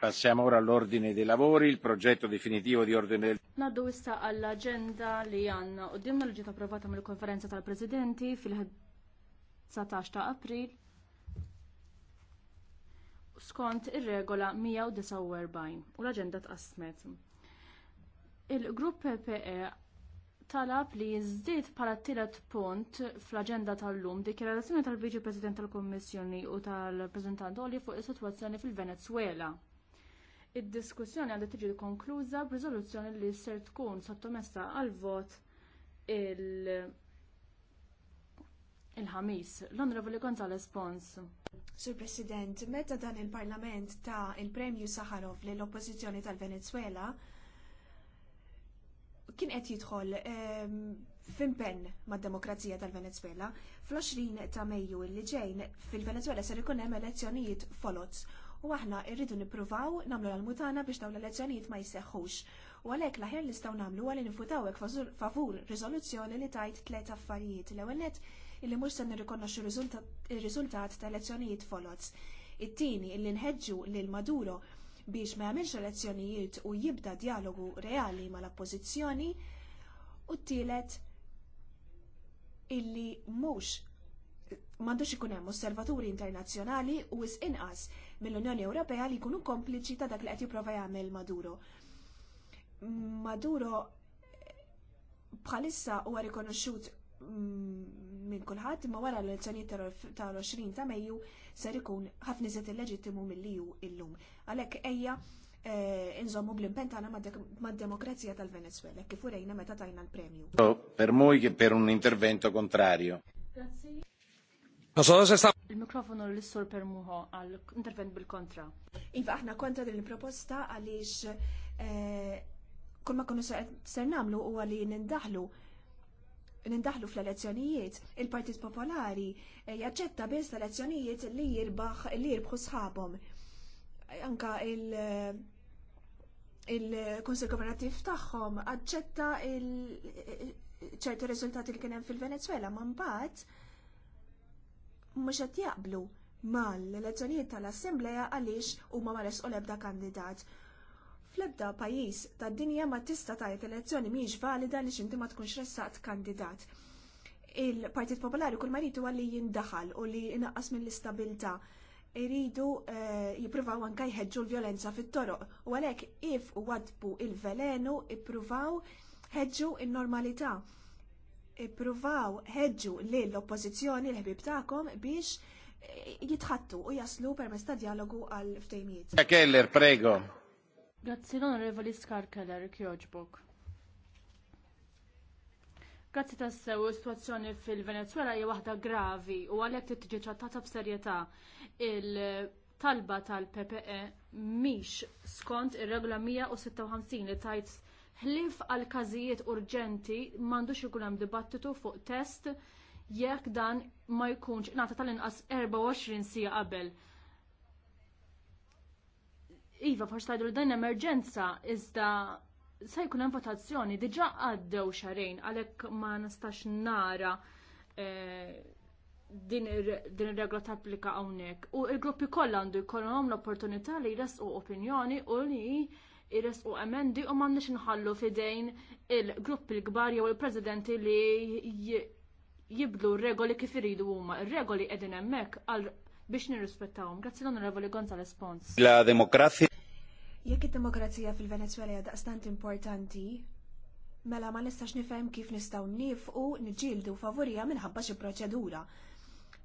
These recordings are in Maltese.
Passiamo ora all'ordine dei lavori, il progetto definitivo di ordine del Naddu issa għall-agenda li għanna u dimna li ġiet approvata mill-konferenza tal-Presidenti fil-19 ta' April skont ir-regola 149 u l-agenda tqasmet. Il-grupp PPE talab li jiżdied bħala tilet punt fl-aġenda tal-lum dikjarazzjoni tal-Viċi President tal-Kommissjoni u tal-Prezentant Oli fuq is-sitwazzjoni fil-Venezuela. Id-diskussjoni għandha tiġi konkluża b'riżoluzzjoni li ser tkun sottomessa għal vot il-ħamis. Il ħamis l onorevoli Gonzalez Pons. Sur President, meta dan il-Parlament ta' il-Premju Saharov lill oppożizzjoni tal-Venezuela kien qed jidħol ehm, f'impenn mad-demokrazija tal-Venezuela fl-20 ta' Mejju li ġejn fil-Venezuela ser ikun hemm elezzjonijiet folots u aħna rridu nippruvaw nagħmlu l-mutana biex dawn l leġenijiet ma jseħħux. U għalhekk l-aħjar li nistgħu nagħmlu nifutaw nifutawek favur riżoluzzjoni li tajt tliet affarijiet. L-ewwel nett illi mhux se nirrikonoxxu ir riżultat ta' elezzjonijiet folots. It-tieni illi nħeġġu lil Maduro biex ma jagħmilx elezzjonijiet u jibda dialogu reali mal-oppożizzjoni u t-tielet illi mhux m'għandux ikun hemm osservaturi internazzjonali u is inqas mill-Unjoni Ewropea li jkunu kompliċi ta' dak li qed jipprova jagħmel Maduro. Maduro bħalissa huwa rikonoxxut mm, minn kulħadd imma wara l-elezzjonijiet tal-20 ta' Mejju ser ikun ħafna iżjed illeġittimu milli hu illum. Għalhekk ejja eh, inżommu bl impentana ma' mad-demokrazija tal-Venezuela kif urejna meta tajna l-premju. Oh, per moj per un intervento kontrarju. Grazie. Il-mikrofonu l-sur muħo għal-intervent bil-kontra. Iva, aħna kontra din il-proposta għaliex eh, kull ma konu ser namlu u għalli nindahlu nindahlu fl-elezzjonijiet, il-Partit Popolari eh, jaċċetta biss l-elezzjonijiet li jirbaħ li jirbħu sħabhom. Anka il- eh, il-Konsil Governattiv tagħhom aċċetta ċertu riżultati li kien hemm fil-Venezuela ma mbagħad mhux qed jaqblu mal-elezzjonijiet tal-Assembleja għaliex huma ma resqu l-ebda kandidat. Fl-ebda pajjiż tad-dinja ma tista' tajt elezzjoni mhijiex valida li inti ma tkunx ressaqt kandidat. Il-Partit Popolari kull maritu għalli jindaħal u li inaqqas mill istabilta iridu eh, jippruvaw anka jħeġġu l-violenza fit-toroq u għalhekk if wadbu il-velenu ippruvaw ħeġġu n normalità ippruvaw ħeġġu li l-oppożizzjoni l-ħbib tagħkom biex eh, jitħattu u jaslu permezz ta' dialogu għal ftejmiet. Keller, prego. Grazzi l-onorevoli Skar Keller, kjoġbok. Grazzi sew situazzjoni fil-Venezuela hija waħda gravi u għalhekk trid tiġi trattata b'serjetà il-talba tal-PPE mhix skont ir-regola 156 li tajt ħlif għal każijiet urġenti m'għandux ikun hemm dibattitu fuq test jekk dan ma jkunx nagħta tal-inqas 24 sija qabel. Iva, forsi tajdu dan emerġenza, iżda se jkun hemm votazzjoni diġà għaddew xarejn għalhekk ma nistax nara eh, din ir-regola tapplika hawnhekk. U l-gruppi kollha għandu jkollhom l-opportunità li jressqu opinjoni u li irresqu emendi u m'għandniex nħallu fidejn il grupp il kbar jew il-presidenti li jibdlu regoli kif iridu huma. Ir-regoli qegħdin hemmhekk għal biex nirrispettawhom. Grazzi l-Onorevoli Gonza Pons. La demokrazija. Jekk id-demokrazija fil-Venezuela hija daqstant importanti, mela ma nistax nifhem kif nistgħu nifqu niġġieldu favorija minħabba xi proċedura.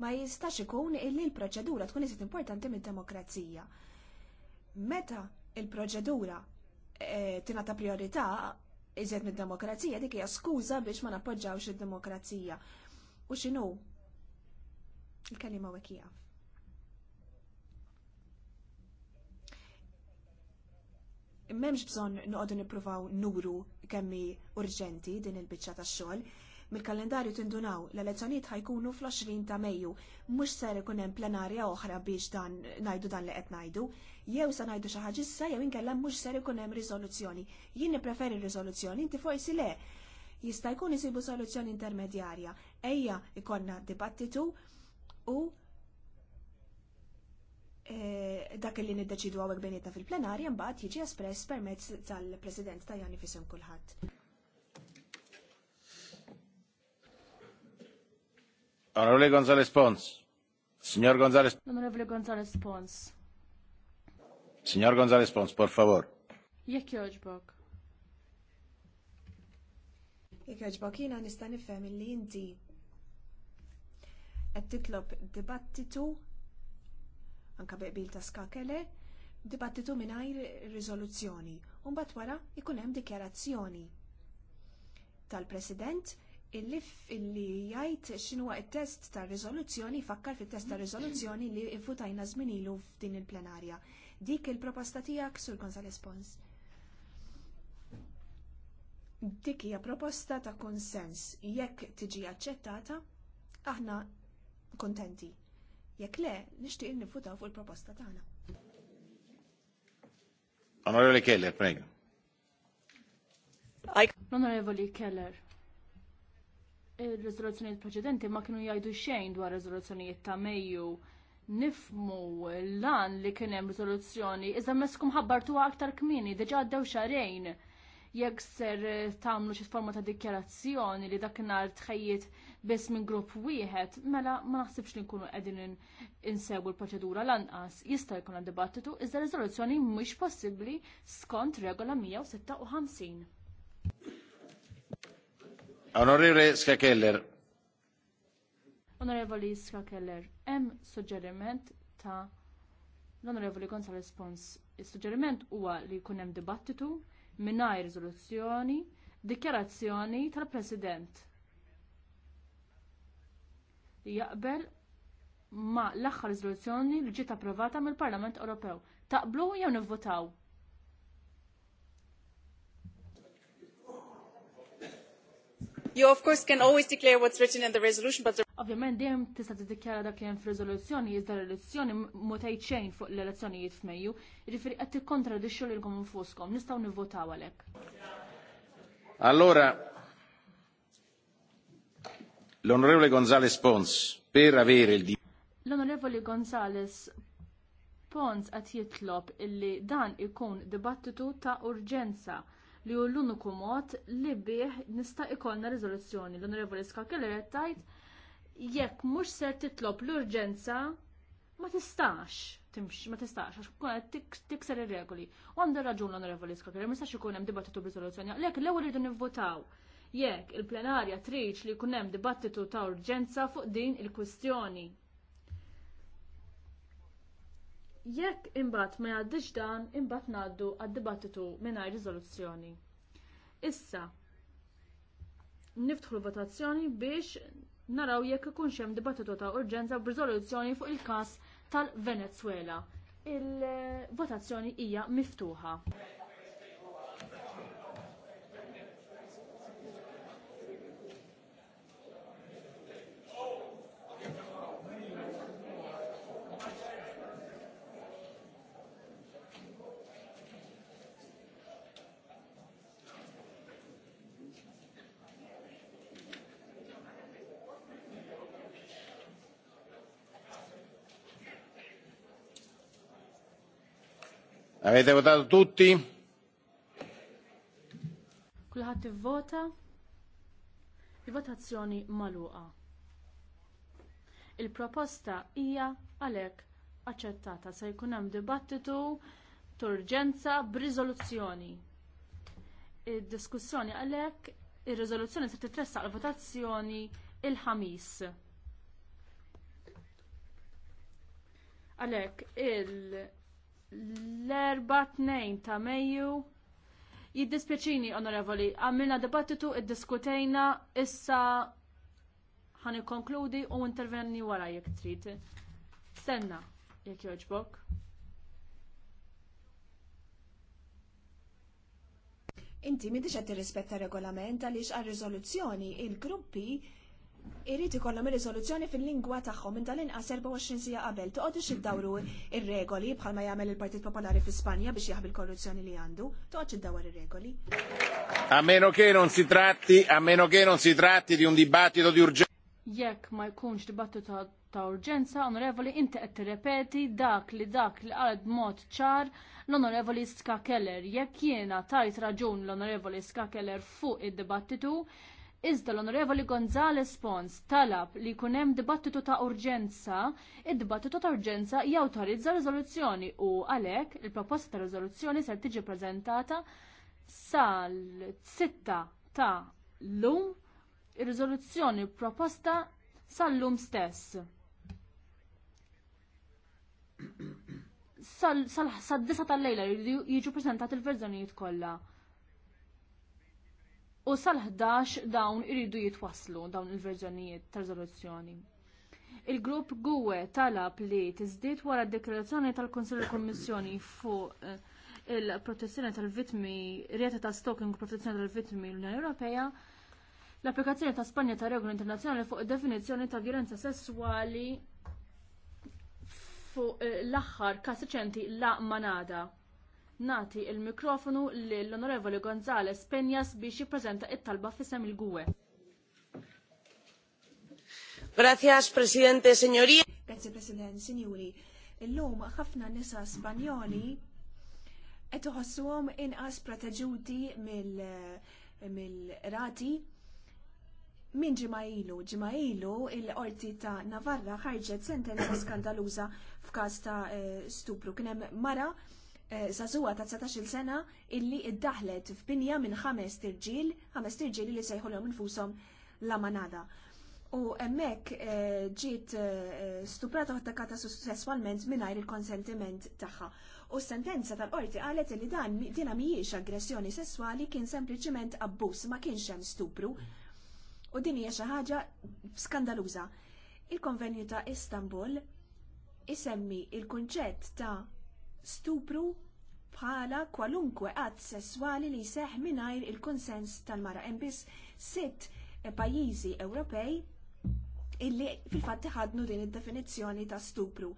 Ma jistax ikun illi l-proċedura tkun iżid importanti mid-demokrazija. Meta il-proċedura e, tingħata priorità iżjed mid-demokrazija dik hija skuża biex ma nappoġġawx id-demokrazija. U x'inhu? Il-kelima wekija. M'hemmx bżonn noqogħdu nippruvaw nuru kemmi urġenti din il-biċċa tax-xogħol. Mill-kalendarju tindunaw l-elezzjonijiet ħajkunu fl-20 ta' Mejju, mhux ser ikun hemm plenarja oħra biex dan ngħidu dan li qed ngħidu jew sa ngħidu xi ħaġa issa jew inkella mhux ser ikun hemm riżoluzzjoni. Jien nippreferi riżoluzzjoni, inti forsi le. Jista' jkun isibu soluzzjoni intermedjarja. Ejja ikonna dibattitu u e, dak li niddeċidu għawek benieta fil-plenarja mbagħad jiġi espress permezz tal-President Tajani fisem kulħadd. Onorevole Gonzales Pons. Signor Gonzales. Onorevole Gonzales Pons. Signor Gonzalez Pons, por favor. Jekk joġbok. Jekk joġbok, jina nista' nifhem li inti qed titlob dibattitu anke beqbil ta' skakele, dibattitu mingħajr riżoluzzjoni. u mbagħad wara ikun hemm dikjarazzjoni tal-President illi illi jgħid x'inhu it-test tar riżoluzzjoni fakkar fit-test ta' rizoluzzjoni li ifutajna zminilu f'din il-plenarja dik il-proposta tiegħek sur Gonzales Pons. Dik hija proposta ta' konsens. Jekk tiġi aċċettata, aħna kontenti. Jekk le, nixtieq nifutaw fuq il-proposta tagħna. Onorevoli Keller, prego. Onorevoli Keller, il-rezoluzzjonijiet preċedenti ma kienu jgħidu xejn dwar rezoluzzjonijiet ta' Mejju nifmu lan li kien hemm riżoluzzjoni, iżda meskum ħabbartu aktar kmini, diġà għaddew xarejn. Jekk ser tagħmlu xi forma ta' dikjarazzjoni li dakinhar tħejjiet biss minn grupp wieħed, mela ma naħsibx li nkunu qegħdin insegwu l-proċedura lanqas. Jista' jkun għad dibattitu iżda riżoluzzjoni mhux possibbli skont regola 156. Onorevole Skakeller, Onorevoli Iska Keller, hemm suġġeriment ta' l-Onorevoli Gonzales Pons. Is-suġġeriment huwa li jkun hemm dibattitu mingħajr riżoluzzjoni, dikjarazzjoni tal-President li jaqbel ma l-aħħar riżoluzzjoni li ġiet approvata mill-Parlament Ewropew. Taqblu jew nivvotaw? You of course can always declare what's written in the resolution, but the Ovvjament dejjem tista' tiddikjara dak li hemm f'riżoluzzjoni iżda l-elezzjoni ma xejn fuq l-elezzjonijiet f'Mejju, jiġifieri qed tikkontradixxu lilkom infushom, nistgħu nivvotaw għalhekk. Allora l-Onorevole Gonzales Pons per avere il L-Onorevole Gonzales Pons qed jitlob illi dan ikun dibattitu ta' urġenza li hu l-uniku mod li bih nista' ikollna riżoluzzjoni. L-Onorevoli Skakeller tajt jekk mhux se titlob l-urġenza ma tistax timx, ma tistax, għax kun tikser ir-regoli. U għandu raġun l-Onorevoli Skakeller, ma jistax ikun hemm dibattitu b'riżoluzzjoni, għalhekk l-ewwel irridu nivvotaw jekk il-plenarja triċ li jkun hemm dibattitu ta' urġenza fuq din il-kwistjoni jekk imbagħad ma jgħaddix dan, imbagħad ngħaddu għad-dibattitu mingħajr riżoluzzjoni. Issa niftħu l-votazzjoni biex naraw jekk ikunx hemm dibattitu ta' urġenza b'riżoluzzjoni fuq il-każ tal-Venezuela. Il-votazzjoni hija miftuħa. Avete votato tutti? Kulħadd vota Il-votazzjoni magħluqa. Il-proposta hija għalhekk aċċettata se jkun hemm dibattitu turġenza b'riżoluzzjoni. Id-diskussjoni għalhekk ir-riżoluzzjoni se titressaq l-votazzjoni il-ħamis. Għalhekk il-, -ħamis. Għalek, il l-erba tnejn ta' Mejju. Jiddispjaċini, onorevoli, għamilna dibattitu iddiskutejna issa ħan konkludi u intervenni wara jekk trid. Senna, jekk joġbok. Inti mi diċa tirrispetta regolament għaliex għal riżoluzzjoni il-gruppi irrid ikollhom ir-riżoluzzjoni fil-lingwa tagħhom minn tal-inqas 24 sija qabel toqgħodux iddawru ir-regoli bħalma jagħmel il-Partit Popolari fi Spanja biex jaħbi l-korruzzjoni li għandu, toqgħodx iddawar ir-regoli. A meno che non si tratti, a meno che non si tratti di un dibattito di urgenza. Jekk ma jkunx dibattitu ta' urġenza, onorevoli, inti qed tirrepeti dak li dak li qalet mod ċar l-onorevoli Ska Keller. Jekk jiena tajt raġun l-onorevoli Ska Keller fuq id-dibattitu, Iżda l-Onorevoli Gonzales Pons talab li jkun hemm dibattitu ta' urġenza, id-dibattitu ta' urġenza jawtorizza rizoluzzjoni u għalhekk il-proposta ta' rizoluzzjoni se tiġi prezentata sal-6 ta' lum ir-riżoluzzjoni proposta sal-lum stess. sal disa tal-lejla jiġu preżentati il-verżjonijiet kollha u sal-11 dawn iridu jitwaslu dawn il-verżjonijiet ta' riżoluzzjoni. Il-grupp Gwe talab li tiżdiet wara d-deklarazzjoni tal-Konsil Kommissjoni fuq eh, il-protezzjoni tal-vitmi, rieta ta' stalking u protezzjoni tal-vitmi l-Unjoni Ewropea l-applikazzjoni ta' Spanja ta' regoli internazzjonali fuq id definizzjoni ta' violenza sessuali fuq eh, l-aħħar kas reċenti la' manada nati il-mikrofonu l-Onorevoli Gonzales Penjas biex jippreżenta it-talba fisem il-gwe. Gracias, Presidente, Signoria. Grazie, President, Signori. Illum ħafna nisa Spanjoli qed iħossuhom inqas proteġuti mill-rati Min ġimajlu, ġimajlu il-qorti ta' Navarra ħarġet sentenza skandaluża f'każ ta' eh, stupru. Kien hemm mara Eh, zazuwa ta' 19 sena illi iddaħlet f'binja minn ħames tirġil, ħames tirġil li sejħolhom infushom la manada. U emmek eh, ġiet eh, stuprata u attakata sessualment mingħajr il-konsentiment tagħha. U sentenza tal-qorti qalet li dan dina mhijiex aggressjoni sesswali kien sempliċiment abbuż ma kienx hemm stupru. U din hija xi ħaġa skandaluża. Il-Konvenju ta' Istanbul isemmi il-kunċett ta' stupru bħala kwalunkwe qatt sesswali li seħħ mingħajr il-konsens tal-mara hemm biss sitt eh, pajjiżi Ewropej illi fil-fatt ħadnu din id-definizzjoni ta' stupru.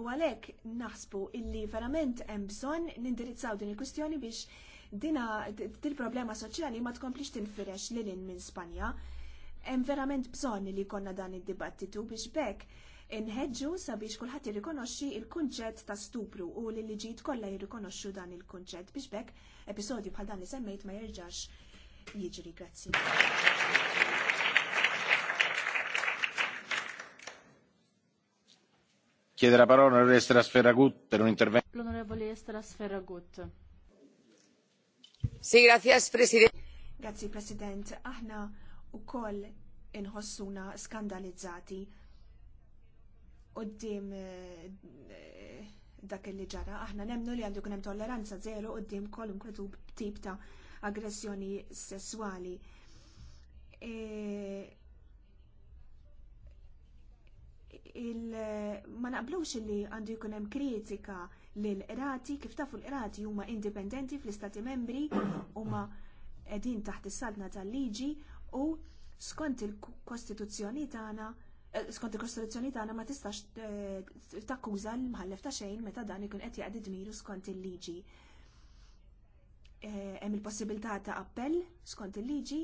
U għalhekk naħsbu illi verament hemm bżonn nindirizzaw din il-kwistjoni biex dina il-problema soċjali ma tkomplix tinfirex lil minn Spanja. Hemm verament bżonn li jkollna dan id-dibattitu biex bekk inħeġġu sabiex kulħadd jirrikonoxxi l kunċett ta' stupru u li liġijiet kollha jirrikonoxxu dan il-kunċett biex bekk episodju bħal dan li semmejt ma jerġax jiġri. Grazzi. Chiede la parola all'onorevole Estras Sferragut per un intervento. L'onorevole Estras Sferragut. Sì, grazie Presidente. Grazie President. Aħna u koll inħossuna skandalizzati qoddim eh, eh, dak li ġara. Aħna nemnu li għandu kunem tolleranza zero qoddim kolunkwe tip ta' aggressjoni sessuali. E, ma naqblux li għandu jkun hemm kritika lil qrati kif tafu l-qrati huma indipendenti fl-istati membri huma qegħdin taħt is-saltna tal-liġi u skont il-kostituzzjoni tagħna skont il-Kostituzzjoni tagħna ma tistax eh, takkuża l-mħallef ta' xejn meta dan ikun qed jaqdi dmiru skont il-liġi. Eh, hemm il-possibilità ta' appell skont il-liġi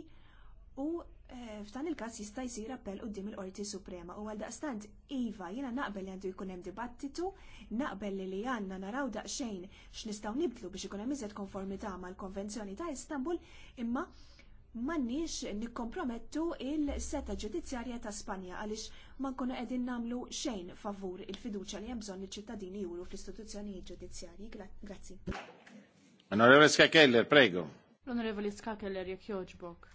u eh, f'dan il-każ jista' jsir appell quddiem il-Qorti Suprema u għaldaqstant iva jiena naqbel li għandu jkun hemm dibattitu, naqbel li għandna naraw daqsxejn x'nistgħu nibdlu biex ikun hemm iżjed konformità mal-Konvenzjoni ta' Istanbul, imma mannix nikkompromettu il-seta ġudizzjarja ta' Spanja għaliex ma nkunu qegħdin nagħmlu xejn favur il-fiduċja li hemm bżonn iċ-ċittadini juru fl-istituzzjonijiet ġudizzjarji. Grazzi. Onorevole Skakeller, prego. L-Onorevoli Skakeller jekk joġbok.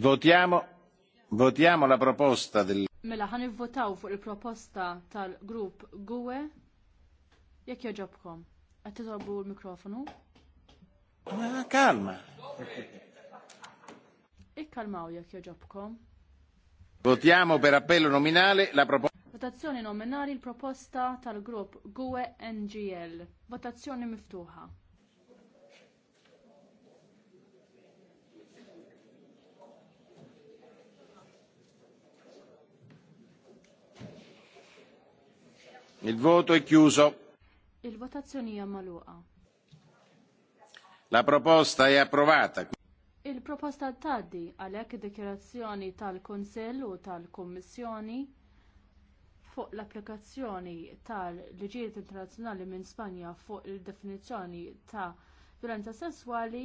Votiamo, votiamo la proposta del Mela ħan votaw fuq il-proposta tal-grupp GUE jekk joġobkom. Qed l-mikrofonu kalma. Ikkalmaw e jekk joġobkom. Votiamo per appello nominale la proposta. Votazzjoni nominali l-proposta tal-grupp GUE NGL. Votazzjoni miftuħa. Il voto è chiuso. Il votazzjoni hija magħluqa. La proposta è approvata. Il-proposta tgħaddi għalhekk id-dikjerazzjoni tal-Kunsill u tal-Kummissjoni fuq l-applikazzjoni tal-liġijiet internazzjonali minn Spanja fuq il-definizzjoni ta' violenza sesswali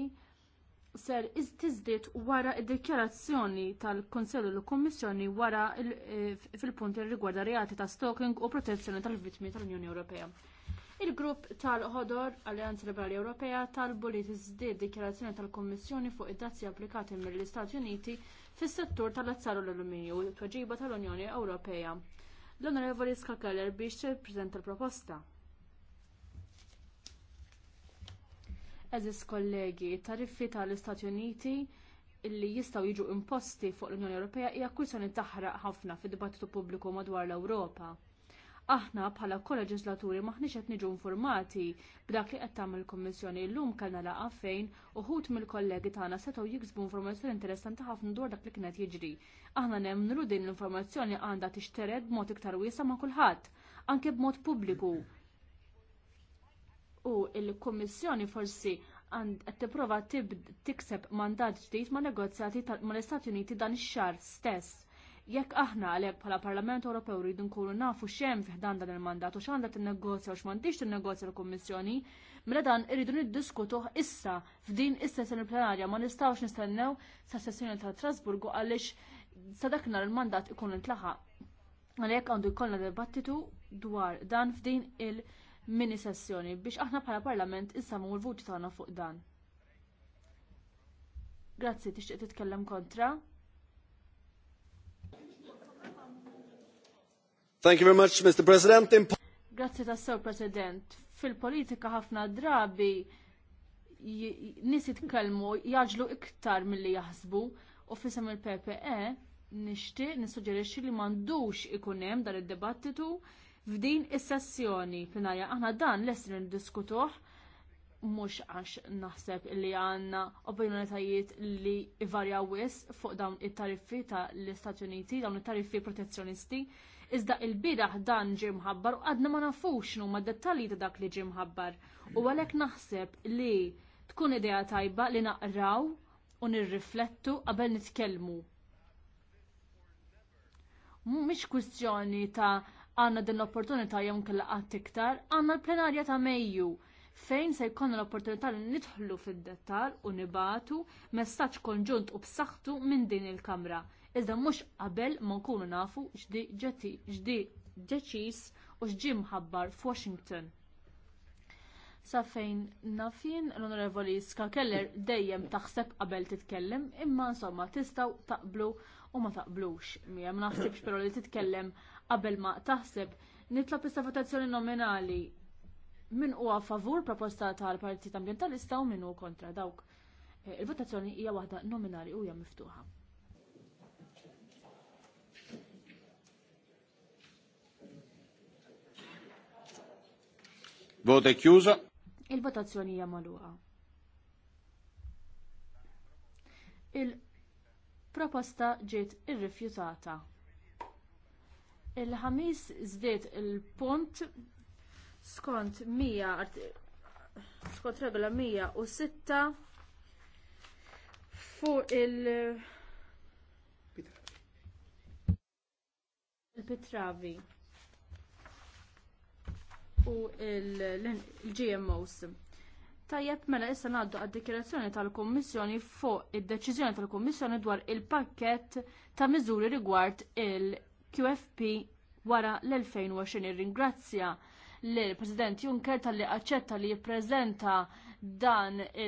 ser tiżdied wara id-dikjarazzjoni tal-Kunsill u l-Kummissjoni wara eh, fil-punt li rigwarda reati ta' stalking u protezzjoni tal-vittmi tal-Unjoni Ewropea. Il-grupp tal-ħodor Alleanza Liberali Ewropea talbu li tiżdied dikjarazzjoni tal-Kommissjoni fuq id-dazzi applikati mill-Istati Uniti fis-settur tal-azzar u l-alluminju u t-tweġiba tal-Unjoni Ewropea. L-Onorevoli Skakeller biex tippreżenta l-proposta. Eżis kollegi, tariffi tal-Istati Uniti li jistaw jiġu imposti fuq l-Unjoni Ewropea hija kwistjoni taħraq ħafna fid-dibattitu pubbliku madwar l-Ewropa. Aħna bħala koleġislaturi maħniċ qed niġu informati b'dak li qed tagħmel il-Kummissjoni llum kellna laqa fejn uħut mill-kollegi tagħna setgħu jiksbu informazzjoni interessanti ħafna dwar dak li kien qed jiġri. Aħna nemmnu din l-informazzjoni għandha tixtered b'mod iktar wiesa ma' kulħadd, anke b'mod pubbliku. U il-Kummissjoni forsi qed tipprova tikseb mandat ġdid ma' negozjati mal-Istati Uniti dan ix-xahar stess Jekk aħna għalek bħala Parlament Ewropew rridu nkunu nafu x'hemm fiħdan dan il-mandat u x'għandha tinnegozja u x'mandix tinnegozja l-Kummissjoni, mela dan irridu niddiskutuh issa f'din is-sessjoni plenarja ma nistgħux nistennew sa sessjoni ta' Strasburgu għaliex sa dak nhar il-mandat ikun intlaħaq. Għalhekk għandu jkollna dibattitu dwar dan f'din il-mini sessjoni biex aħna bħala Parlament insammu l-vuti tagħna fuq dan. Grazzi, tixtieq titkellem kontra? Thank you very much, Mr. President. Grazie Grazzi ta' sew President. Fil-politika ħafna drabi nisit jitkellmu jaġlu iktar milli jaħsbu u fisem il-PPE nixtieq nissuġġerixxi li m'għandux ikun hemm dan id-dibattitu f'din is-sessjoni plinarja aħna dan lest niddiskutuh mhux għax naħseb li għandna opinjonetajiet li varja wis fuq dawn it-tariffi tal istati Uniti, dawn it-tariffi protezzjonisti, Iżda il-bidaħ dan ġie mħabbar u għadna ma nafux nu ma dettalji ta' dak li ġie mħabbar. U għalhekk naħseb li tkun idea tajba li naqraw u nirriflettu qabel nitkellmu. Mhix kwistjoni ta' għandna din l-opportunità jew kellha qatt iktar, għandna l-plenarja ta' Mejju fejn se jkollna l-opportunità li nidħlu fid-dettal u nibatu messaġġ konġunt u b'saħħtu minn din il-Kamra iżda mhux qabel ma nkunu nafu x'di ġdi deċis u x'ġie mħabbar f'Washington. Sa fejn nafin l-Onorevoli Ska Keller dejjem taħseb qabel titkellem, imma insomma tistgħu taqblu u ma taqblux. Mija ma naħsibx però li titkellem qabel ma taħseb nitlob issa votazzjoni nominali min huwa favur proposta tal-Partit Ambjentalista u min hu kontra dawk. Eh, il-votazzjoni hija waħda nominali u hija miftuħa. Vota chiusa. Il-votazzjoni hija magħluqa. Il-proposta ġiet irrifjutata. Il-ħamis żdied il-punt skont mija skont regola u sitta fuq il- il-Pitravi u l-GMOs. Tajjeb mela issa ngħaddu għad-dikjerazzjoni tal-Kummissjoni fuq id-deċiżjoni tal-Kummissjoni dwar il-pakkett ta' miżuri rigward il-QFP wara l-2020. Ringrazzja l-President Juncker tal-li aċċetta li jippreżenta dan